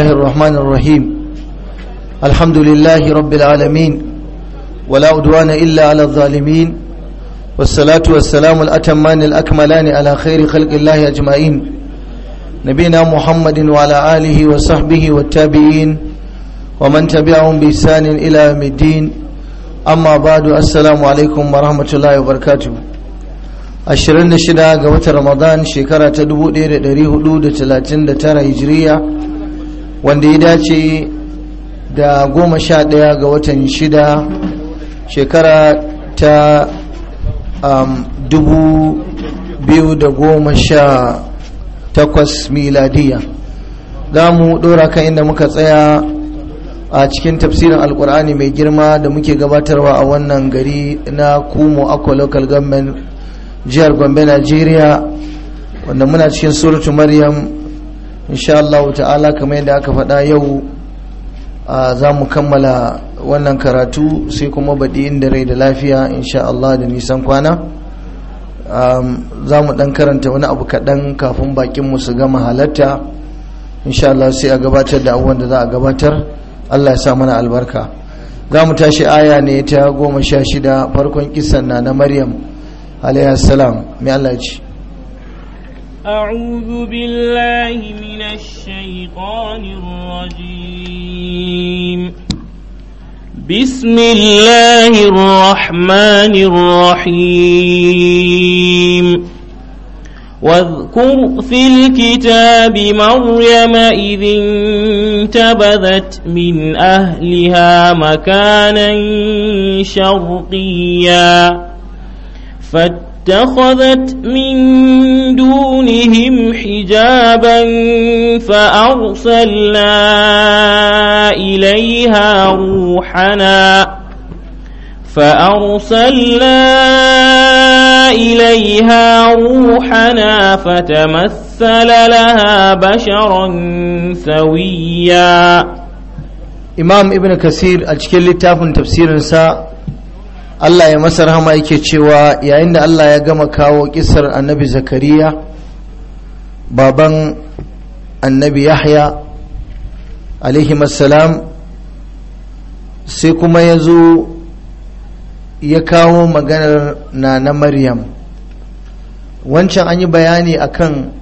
الله الرحمن الرحيم الحمد لله رب العالمين ولا أدوان إلا على الظالمين والصلاة والسلام الأتمان الأكملان على خير خلق الله أجمعين نبينا محمد وعلى آله وصحبه والتابعين ومن تبعهم بإحسان إلى يوم الدين أما بعد السلام عليكم ورحمة الله وبركاته ashirin da shida ga watan ramadan shekara ta dubu ɗaya da ɗari hudu da talatin da tara hijiriya wanda ya dace da goma sha ɗaya ga watan shida shekara ta um, dubu biyu da goma sha takwas miladiya za mu ɗora kan inda muka tsaya a cikin tafsirin alkur'ani mai girma da muke gabatarwa a wannan gari na kumo akwa local government jihar gombe nigeria wanda muna cikin suratu maryam insha Allah ta'ala kamar yadda aka faɗa yau za mu kammala wannan karatu sai kuma baɗi inda rai da lafiya insha Allah da nisan kwana za mu ɗan karanta wani abu kaɗan kafin bakinmu su gama halatta insha Allah sai a gabatar da abubuwan da za a gabatar Allah ya sa mana albarka za mu tashi aya ne ta goma sha shida farkon kisan na na maryam alayhi salam mai Allah ya ce أعوذ بالله من الشيطان الرجيم بسم الله الرحمن الرحيم واذكر في الكتاب مريم إذ انتبذت من أهلها مكانا شرقيا فاتقوا فاتخذت من دونهم حجابا فأرسلنا إليها روحنا فأرسلنا إليها روحنا فتمثل لها بشرا سويا إمام ابن كثير أشكل تافن تفسير سا Allah ya masa rahama yake cewa yayin da Allah ya gama kawo kisar annabi zakariya baban annabi yahya salam sai kuma ya zo ya kawo maganar na maryam wancan an yi bayani kan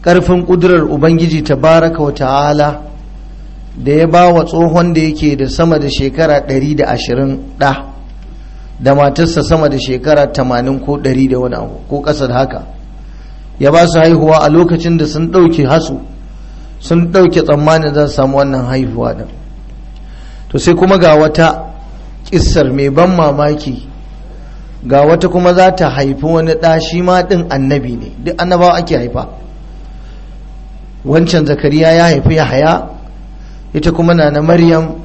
ƙarfin kudurar ubangiji tabaraka wa ta'ala da ya ba wa tsohon da yake da sama da shekara 120 ɗa da matarsa sama da shekara tamanin ko ɗari da wani abu ko ƙasa da haka ya ba su haihuwa a lokacin da sun ɗauke hasu sun ɗauke tsammanin za su samu wannan haihuwa da to sai kuma ga wata ƙissar mai ban mamaki ga wata kuma za ta haifi wani ɗa shi ma ɗin annabi ne duk annabawa ake haifa wancan zakariya ya haifi ya haya ita kuma na na maryam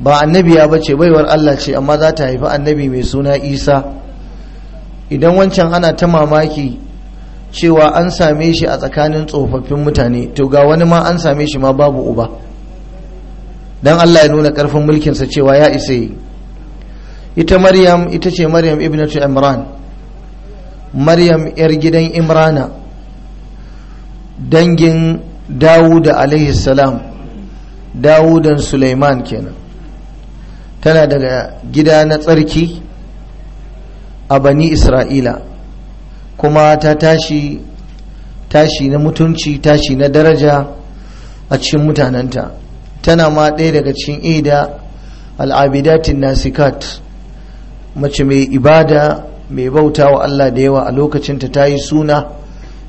ba annabiya ba ce baiwar Allah ce amma za ta haifi annabi mai suna isa idan wancan ana ta mamaki cewa an same shi a tsakanin tsofaffin mutane to ga wani ma an same shi ma babu uba don Allah ya nuna karfin mulkinsa cewa ya isa yi ita maryam ita ce maryam ibnatu imran maryam yar gidan imrana dangin dawuda alaihi salam dawudan suleiman kenan tana daga gida na tsarki a bani isra'ila kuma ta tashi tashi na mutunci tashi na daraja a cikin mutanenta tana ma ɗaya daga cikin ida al'abidatin nasikat mace mai ibada mai bauta wa Allah da yawa a lokacinta ta yi suna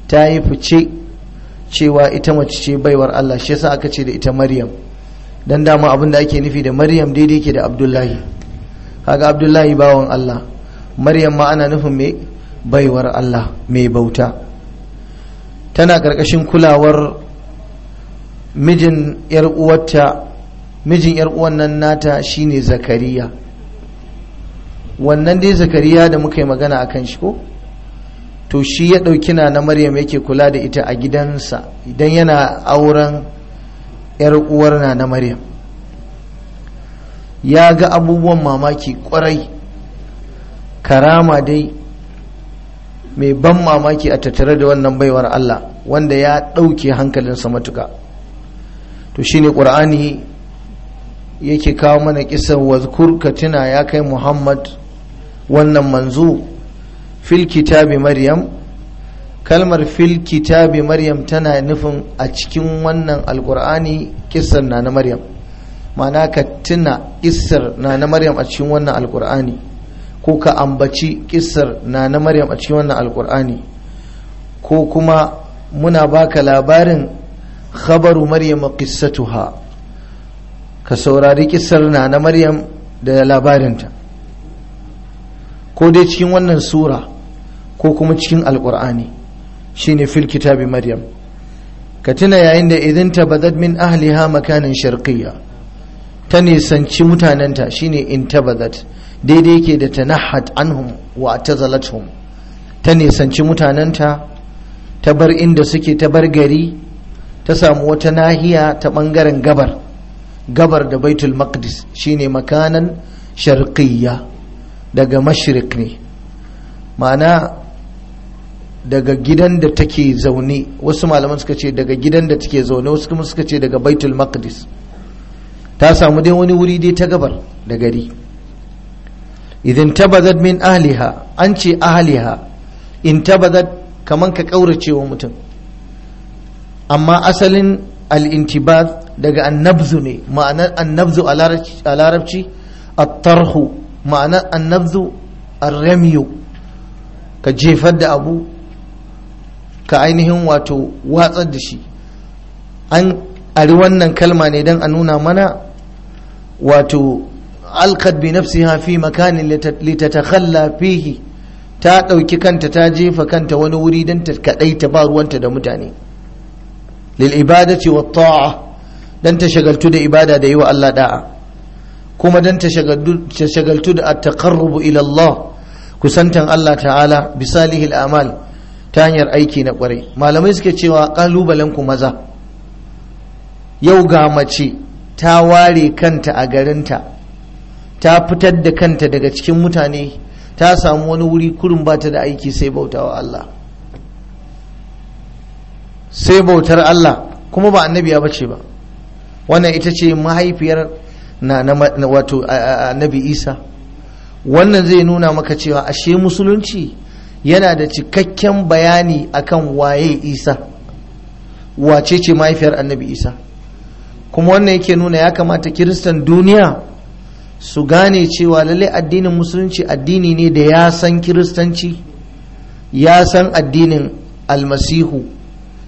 ta yi fice cewa ita mace ce baiwar Allah shi yasa aka ce da ita maryam dan dama abin da ake nufi da maryam daidai ke da abdullahi kaga abdullahi bawan allah maryam ma ana nufin mai baiwar allah mai bauta tana karkashin kulawar mijin yar uwarta mijin yar uwan nan nata shine zakariya wannan dai zakariya da muka yi magana a kan shi ko to shi ya ɗauki na na maryam yake kula da ita a gidansa idan yana auren ‘yar uwar na na Maryam ya ga abubuwan mamaki kwarai karama dai mai ban mamaki a tattare da wannan baiwar Allah wanda ya ɗauke hankalinsa matuka to shine ƙur'ani yake kawo mana kisan wazkur ka tuna ya kai muhammad wannan manzo fil kitabi maryam kalmar fil kitabi maryam tana nufin a cikin wannan alkur'ani kissar na na maryam ma'ana ka tuna kissar na na maryam a cikin wannan alkur'ani ko ka ambaci kissar na na maryam a cikin wannan alkur'ani ko kuma muna baka labarin khabaru maryam qissatuha ka saurari kissar na na maryam da labarinta ko dai cikin wannan sura ko kuma cikin alkur'ani shine fil kitabi maryam ka tuna yayin da idan tabadat min ahliha makanin sharqiyya ta nisanci mutanenta shine in tabadat daidai ke da nahat anhum wa atazalathum ta nisanci mutanenta ta bar inda suke ta bar gari ta samu wata nahiya ta bangaren gabar gabar da baitul maqdis shine makanan sharqiyya daga mashriq ne ma'ana daga gidan da take zaune wasu malaman suka ce daga gidan da take zaune wasu kuma suka ce daga baitul maqdis ta samu dai wani wuri dai ta gabar da gari idan tabazat min ahliha an ce ahliha in tabazat kaman ka kaurace wa mutum amma asalin al-intibaz daga annabzu ne ma'anar annabzu a larabci at-tarhu ma'anar annabzu ar-ramyu ka jefar da abu ka ainihin wato watsar da shi an ari wannan kalma ne don a nuna mana wato alkad bi nafsi fi makanin litatakalla fihi ta ɗauki kanta ta jefa kanta wani wuri don ta kaɗai ta ba ruwanta da mutane lil ibadati wa ta'a don ta shagaltu da ibada da yi wa Allah da'a kuma don ta shagaltu da at-taqarrubu ila Allah kusantan Allah ta'ala bisalihil amal ta hanyar aiki na kwarai malamai suke cewa kalubalen ku maza yau ga mace ta ware kanta a garinta ta fitar da kanta daga cikin mutane ta samu wani wuri kurin bata da aiki sai bautawa Allah sai bautar Allah kuma ba annabi ya bace ba wannan ita ce mahaifiyar na wato annabi Isa wannan zai nuna maka cewa ashe musulunci yana da cikakken bayani akan waye isa wace ce mahaifiyar annabi isa kuma wannan yake nuna ya kamata kiristan duniya su gane cewa lalle addinin musulunci addini ne da ya san kiristanci ya san addinin almasihu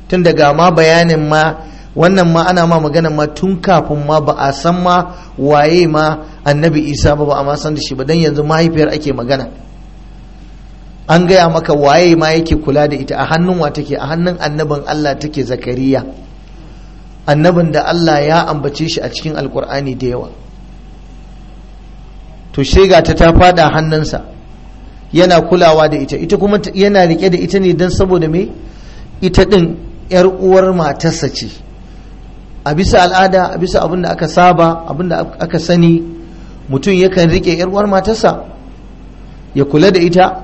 tun daga ma bayanin ma wannan ma ana ma magana ma tun kafin ma ba a san ma waye ma annabi isa ba ba a ma san da shi ba don yanzu mahaifiyar ake magana an gaya maka waye ma yake kula da ita a hannun wa take a hannun annabin Allah take zakariya annabin da Allah ya ambace shi a cikin alkur'ani da yawa to shega ta ta fada hannunsa yana kulawa da ita ita kuma yana rike da ita ne don saboda me ita din yar uwar matarsa ce a bisa al'ada a bisa abin da aka saba abin da aka sani mutum yakan rike yar uwar matarsa ya kula da ita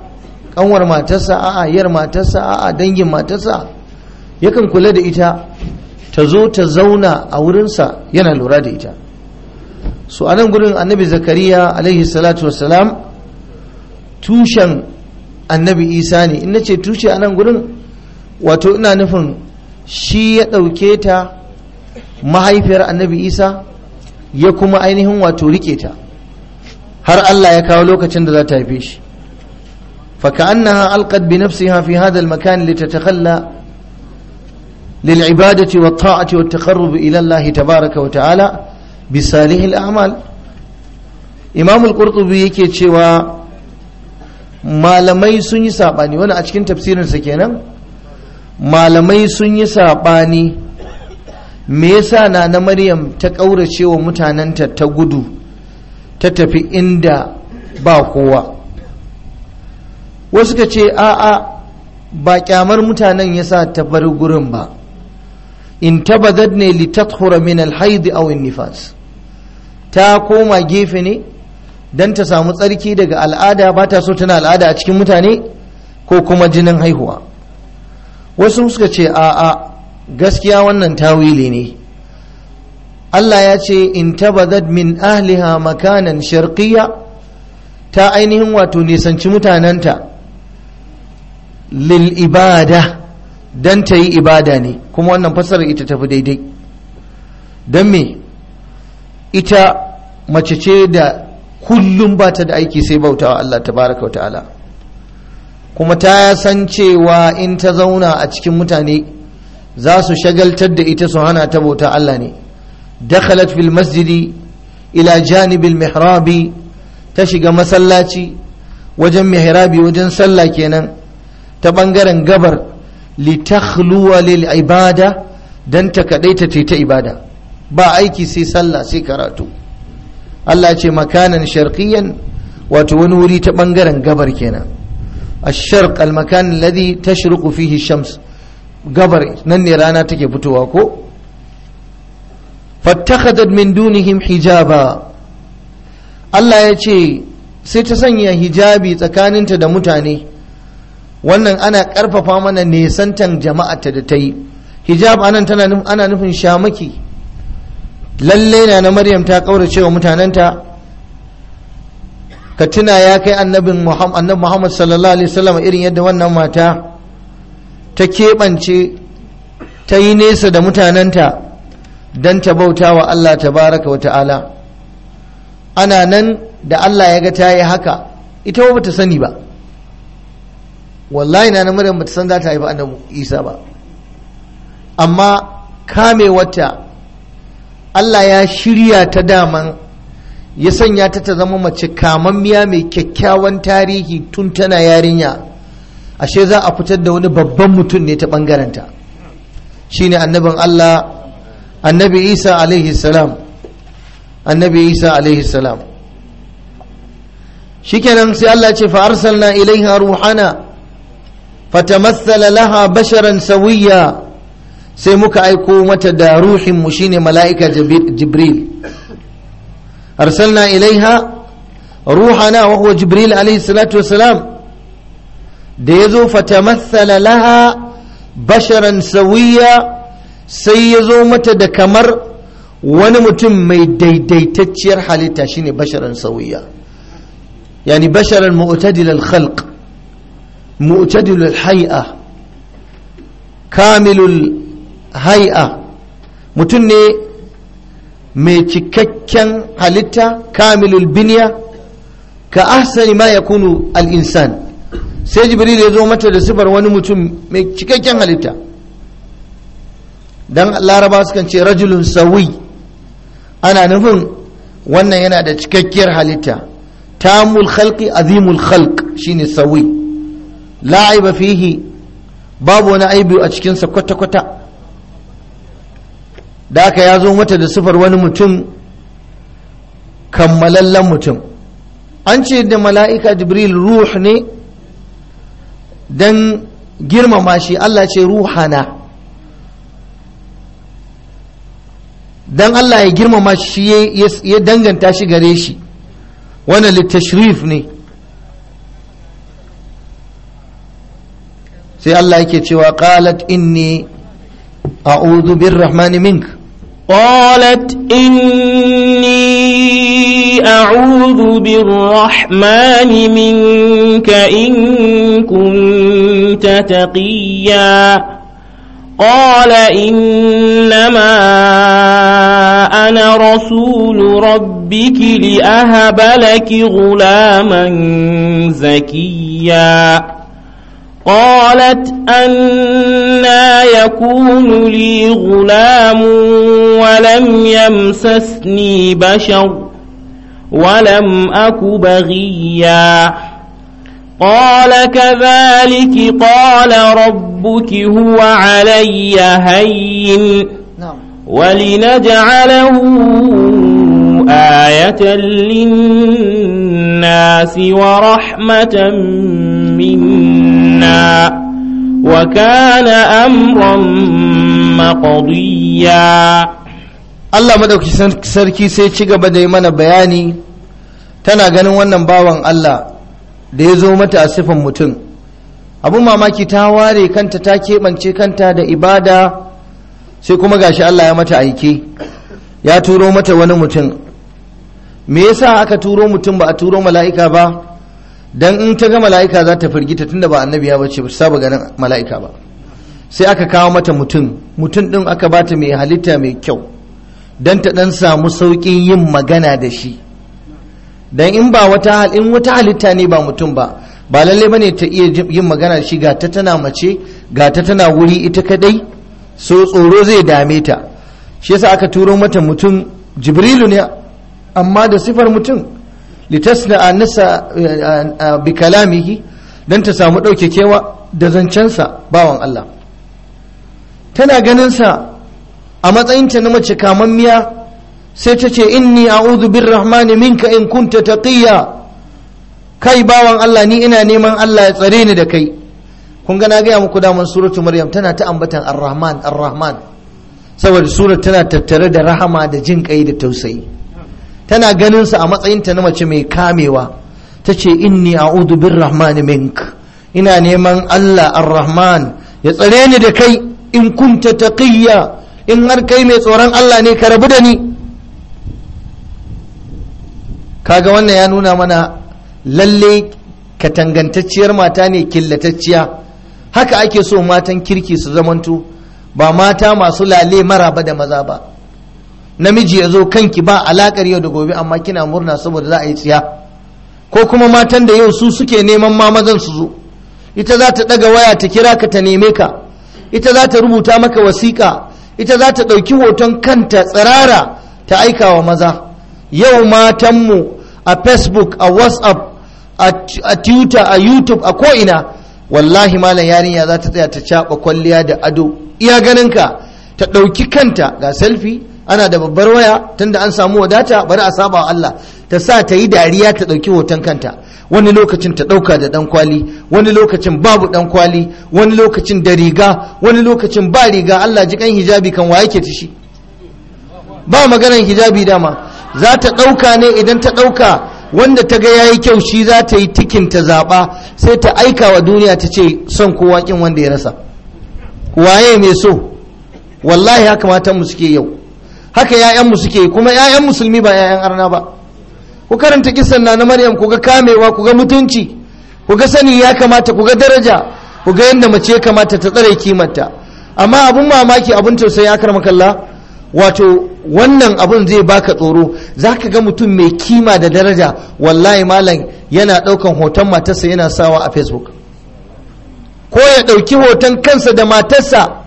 kanwar matarsa a'a yar matarsa a'a dangin matarsa yakan kula da ita ta zo ta zauna a wurinsa yana lura da ita su anan gudun annabi zakariya alaihi salatu wasalam tushen annabi isa ne in na ce tushe anan gudun wato ina nufin shi ya ɗauke ta mahaifiyar annabi isa ya kuma ainihin wato rike ta har allah ya kawo lokacin da za ta haife shi فكأنها ألقت بنفسها في هذا المكان لتتخلى للعبادة والطاعة والتقرب إلى الله تبارك وتعالى بصالح الأعمال إمام القرطبي yake cewa malamai sun yi saɓani wani a cikin tafsirinsa kenan malamai sun yi saɓani me yasa na na maryam ta ƙaurace wa mutanenta ta gudu ta tafi inda ba kowa wasu ka ce a'a ba kyamar mutanen ya sa ta bar gurin ba in tabazad ne litathura min alhaidi aw nifas ta koma gefe ne dan ta samu tsarki daga al'ada ba ta so tana al'ada a cikin mutane ko kuma jinin haihuwa wasu suka ce a'a gaskiya wannan tawili ne Allah ya ce in tabazad min ahliha makanan sharqiyya ta ainihin wato nisanci mutanenta lil ibada dan ta yi ibada ne kuma wannan fasarar ita tafi daidai don me ita mace ce da kullum ba ta da aiki sai bautawa Allah tabaraka wa ta'ala kuma ta san cewa in ta zauna a cikin mutane za su shagaltar da ita su hana ta bauta Allah ne dakhalat fil masjidi ila janibil mihrabi ta shiga masallaci wajen mihrabi wajen sallah kenan ta ɓangaren gabar litakhluwa lil ibada dan ta kadaita ce ta ibada ba aiki sai sallah sai karatu Allah ce makanan sharqiyan wato wani wuri ta bangaren gabar kenan ash-sharq al-makan alladhi tashruqu fihi shams gabar nan ne rana take fitowa ko fattakhadat min dunihim hijaba Allah ya ce sai ta sanya hijabi tsakaninta da mutane wannan ana karfafa mana nesantan jama'a ta da ta yi hijab anan tana ana nufin shamaki lallai na na maryam ta ƙauracewa cewa mutanenta ka tuna ya kai annabin muhammad sallallahu alaihi wasallam irin yadda wannan mata ta keɓance ta yi nesa da mutanenta don ta bauta wa allah tabaraka wa ta'ala ana nan da allah ya ga ta yi haka ita ba ta sani ba wallahi na namarin mata san za ta haifi annabi isa ba amma kame wata allah ya shirya ta daman ya sanya ta ta zama mace kamammiya mai kyakkyawan tarihi tun tana yarinya ashe za a fitar da wani babban mutum ne ta bangaranta shine annabin allah annabi isa alaihi salam annabi isa alaihi salam shikenan sai allah ce fa arsalna ilaiha ruhana fatamassala laha basharan sawiya sai muka aiko mata da ruhinmu shine mala'ika jibril arsalna ilaiha ruhana wa huwa jibril alayhi salatu wassalam da yazo fatamassala laha basharan sawiya sai yazo mata da kamar wani mutum mai daidaitacciyar halitta shine basharan sawiya yani basharan mu'tadil al-khalq mu'tadil al-hay'a kamilul hay'a mutum ne mai cikakken halitta kamilul biniya ka ahsani ma yakunu al-insan sai jibril ya zo mata da sifar wani mutum mai cikakken halitta dan laraba sukan ce rajulun sawi ana nufin wannan yana da cikakkiyar halitta tamul khalqi azimul khalq shine sawi la fihi babu wani aibi a cikinsa kwata-kwata da aka ya zo mata da sifar wani mutum kammalallen mutum an ce da mala'ika jibril ruh ne don girmama shi Allah ce ruhana don Allah ya girmama shi ya danganta shi gare shi wannan littashirif ne sai Allah yake cewa qalat inni a'udhu birrahmani mink qalat inni a'udhu birrahmani minka in kunta taqiya قال إنما أنا رسول ربك لأهب لك غلاما زكيا قالت أنا يكون لي غلام ولم يمسسني بشر ولم أك بغيا قال كذلك قال ربك هو علي هين نعم. ولنجعله وآية للناس ورحمة منا وكان أمرا مقضيا Allah madauki sarki sai ci gaba da yi mana bayani tana ganin wannan bawan Allah da ya zo mata a sifan mutum abun mamaki ta ware kanta ta keɓance kanta da ibada sai kuma gashi Allah ya mata aiki ya turo mata wani mutum me yasa aka turo mutum ba a turo mala'ika ba dan in ta ga mala'ika za ta firgita tunda ba annabi ya bace ba saba ganin mala'ika ba sai aka kawo mata mutum mutum din aka bata mai halitta mai kyau dan ta dan samu saukin yin magana da shi dan in ba wata in wata halitta ne ba mutum ba ba lalle bane ta iya yin magana da shi ga ta tana mace ga ta tana wuri ita kadai so tsoro zai dame ta shi yasa aka turo mata mutum jibrilu ne amma da sifar mutum litasna nisa eh, eh, bi kalamihi don ta samu ɗauke kewa da zancensa bawan Allah tana ganinsa a matsayinta na mace kamammiya sai ta ce inni a'udhu birrahmani minka in kunta taqiya kai bawan Allah ni ina neman Allah ya tsare ni da kai kun ga na gaya muku daman suratu maryam tana ta ambatan ar-rahman ar-rahman saboda surat tana tattare da rahama da jin kai da tausayi tana ganinsa a matsayin ta na mace mai kamewa ta ce inni a'udhu birrahman mink ina neman Allah ar ya tsare ni da kai in kunta taqiyya in har kai mai tsoron Allah ne ka rabu da ni kaga wannan ya nuna mana lalle katangantacciyar mata ne killatacciya haka ake so matan kirki su zamanto ba mata masu lale mara ba da maza ba namiji ya zo kanki ba alakar yau da gobe amma kina murna saboda za a yi tsiya ko kuma matan da yau su suke neman ma mazan su zo ita za ta ɗaga waya ta kira ka ta neme ka ita za ta rubuta maka wasiƙa ita za ta ɗauki hoton kanta tsirara ta aika wa maza yau matanmu a facebook a whatsapp a twitter a youtube a ko'ina wallahi malam yarinya za ta tsaya ta caɓa kwalliya da ado iya ganinka ta ɗauki kanta ga selfie ana da babbar waya tunda an samu wadata bari a saba Allah ta sa ta yi dariya ta ɗauki hoton kanta wani lokacin ta ɗauka da ɗan kwali wani lokacin babu ɗan kwali wani lokacin da riga wani lokacin ba riga Allah ji kan hijabi kan wa yake ta ba maganar hijabi dama za ta ɗauka ne idan ta ɗauka wanda ta ga yayi kyau shi za ta yi tikin ta zaɓa sai ta aika wa duniya ta ce son kowa kin wanda ya rasa waye mai so wallahi haka matan mu suke yau haka mu suke kuma 'ya'yan musulmi ba 'ya'yan arna ba ku karanta kisan na na maryam ku ga kamewa ku ga mutunci ku ga sani ya kamata ku ga daraja ku ga yadda mace ya kamata ta tsare kimarta amma abin mamaki abin tausayi ya karma kalla wato wannan abun zai baka tsoro za ka ga mutum mai kima da daraja wallahi malam yana ɗaukan hoton matarsa yana sawa a facebook ko ya ɗauki hoton kansa da matarsa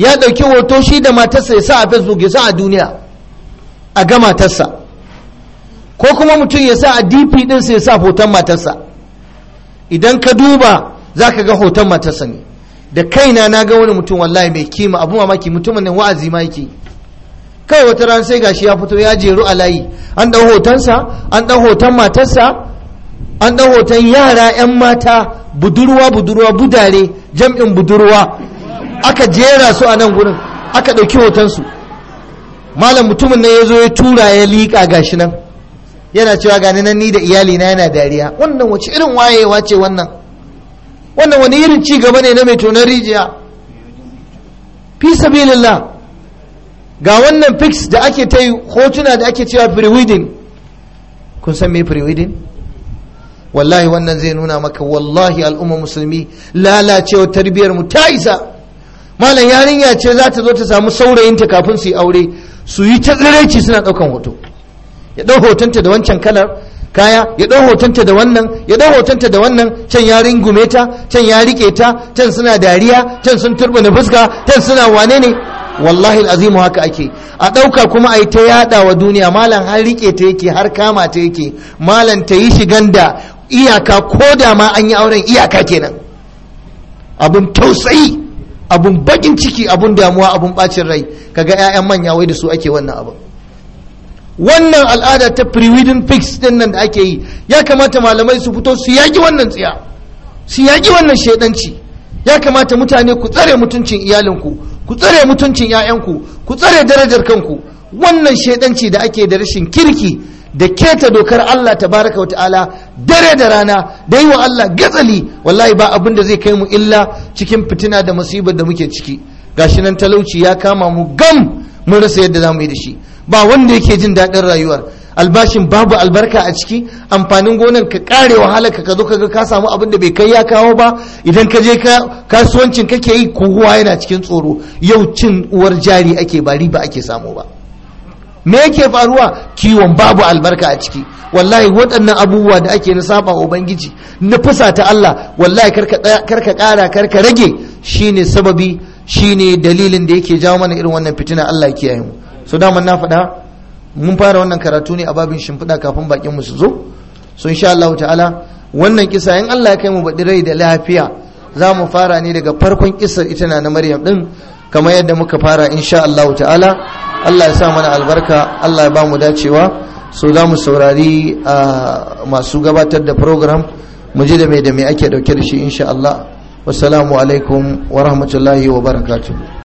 ya ɗauki hoto shi da matarsa ya sa a facebook ya sa a duniya a ga matarsa ko kuma mutum ya sa a dp ɗinsa ya sa hoton matarsa idan ka duba za ka ga hoton matarsa ne da kaina na ga wani mutum wallahi mai kima abu mamaki mutumin nan wa'azi ma yake kai wata ran sai gashi ya fito ya jeru a layi an ɗau hotonsa an ɗau hoton matarsa an ɗau hoton yara 'yan mata budurwa budurwa budare jam'in budurwa aka jera su a nan gurin aka ɗauki hotonsu malam mutumin nan ya zo ya tura ya liƙa gashi nan yana cewa gani nan ni da iyalina yana dariya wannan wace irin wayewa ce wannan wannan wani irin ci gaba ne na mai tonar rijiya fi sabilillah ga wannan fix da ake ta yi hotuna da ake cewa pre kun san me pre wallahi wannan zai nuna maka wallahi al'umma musulmi lalacewa tarbiyyar mu ta isa malam yarinya ce za ta zo ta samu saurayinta kafin su yi aure su yi ta tsiraici suna ɗaukan hoto ya ɗau hotonta da wancan kalar kaya ya ɗau hotonta da wannan ya ɗau hotonta da wannan can ya ringume ta can ya riƙe ta can suna dariya can sun turbina fuska can suna wane ne wallahi azimu haka ake a ɗauka kuma a yi ta yaɗa wa duniya malam har riƙe ta yake har kama ta yake malam ta yi shigan da iyaka ko da ma an yi auren iyaka kenan abin tausayi abun bakin ciki abun damuwa abun bacin rai kaga 'ya'yan manya wai da su ake wannan abun wannan al'ada ta pre-wedding fix din nan da ake yi ya kamata malamai su fito su yaki wannan tsiya su yaki wannan shaidanci ya kamata mutane ku tsare mutuncin iyalinku ku tsare mutuncin 'ya'yanku ku tsare darajar kanku wannan shaidanci da ake da rashin kirki da keta dokar Allah ta baraka wata'ala dare da rana da yi wa Allah gatsali wallahi ba abin da zai kai mu illa cikin fitina da masibar da muke ciki gashi nan talauci ya kama mu gam mun rasa yadda za mu yi da shi ba wanda yake jin daɗin rayuwar albashin babu albarka a ciki amfanin gonar ka kare wahalar ka zo ga ka samu abin da bai kai ya kawo ba idan ka je kasuwancin kake yi kowa yana cikin tsoro yau cin uwar jari ake ba riba ake samu ba me yake faruwa kiwon babu albarka a ciki wallahi waɗannan abubuwa da ake na saba ubangiji na ta Allah wallahi karka ƙara karka rage shine sababi shine dalilin da yake jawo mana irin wannan fitina Allah ya kiyaye mu so daman na faɗa mun fara wannan karatu ne a babin shimfiɗa kafin bakin mu su zo so insha Allah ta'ala wannan kisa in Allah ya kai mu baɗi rai da lafiya za mu fara ne daga farkon kisar ita na Maryam ɗin. kamar yadda muka fara insha Allah ta'ala Allah ya sa mana albarka Allah ya ba mu dacewa so za mu saurari a masu gabatar da program mu ji da mai da mai ake dauke da shi insha Allah wassalamu alaikum wa rahmatullahi wa barakatuh